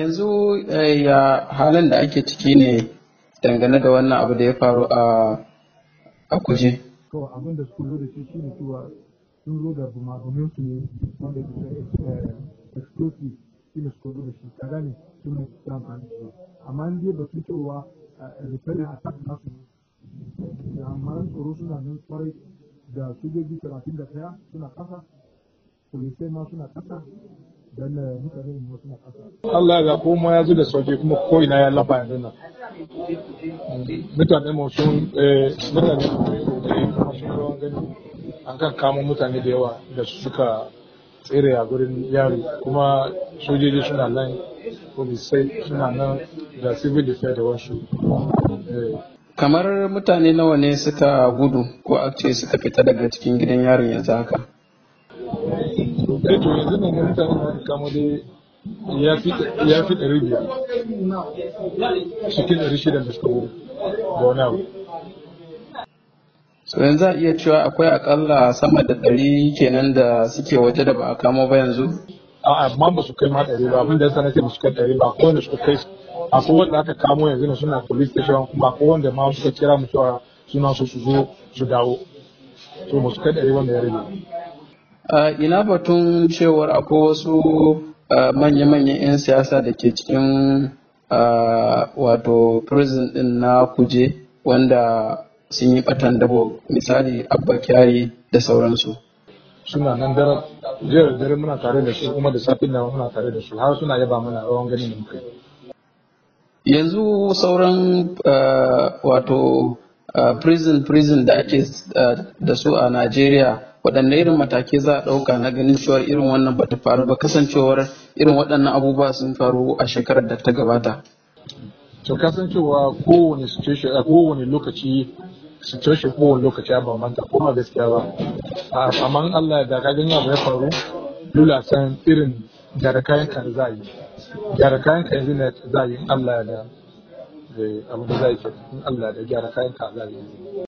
yanzu eh, ya halin da ake ciki ne dangane da wannan abu da ya faru a kuje to abin da suka zo da shi shine cewa sun zo da bumabumin su ne wanda ke da fita eh, shi ne suka zo da shi ka gane sun ne su amfani da shi amma in dai su cewa eh, repelling attack na su da amma tsoro suna nan kwarai da sojoji talatin da ɗaya suna ƙasa polisai ma suna ƙasa Allah ga kuma ya zo da sauke kuma ko ya lafa yanzu nan. Mutane eh, mu sun mutane rawan gani an kan kama mutane da yawa da suka tsere a gurin yaro kuma sojoji suna nan sai suna nan da civil defense da wasu. Kamar mutane nawa ne suka gudu ko a ce suka fita daga cikin gidan yaron yanzu haka? eh to yanzu nan mutanen da dai ya fi ɗari biyar cikin ɗari shida da suka wuri da wani abu so yanzu a iya cewa akwai akalla sama da ɗari kenan da suke waje da ba a kamo ba yanzu amma ba su kai ma ɗari ba abin da yasa nake ba su kai ɗari ba ko wanda suka kai akwai wanda aka kamo yanzu suna police station ba ko wanda ma suka kira mu cewa suna so su zo su dawo so ba su kai ɗari wanda ya rage ina batun cewar akwai wasu manya-manyan 'yan siyasa da ke cikin wato prison din na kuje wanda sun yi batan dabo misali abba kyari da sauransu suna nan daren jiyar dare muna tare da su kuma da safin na muna tare da su har suna yaba mana rawan ganin da kai yanzu sauran wato prison prison da ake da su a najeriya waɗanne irin matakai za a ɗauka na ganin cewa irin wannan ba ta faru ba kasancewar irin waɗannan abubuwa sun faru a shekarar da ta gabata to kasancewa kowane situation a kowane lokaci situation kowane lokaci ya bambanta ma gaskiya ba amma Allah da ka ganin abu ya faru dole san irin gyara kayan ka za yi gyara kayan ka yanzu ne za yi Allah da abu da za yi in Allah eh, da gyara kayan ka za yi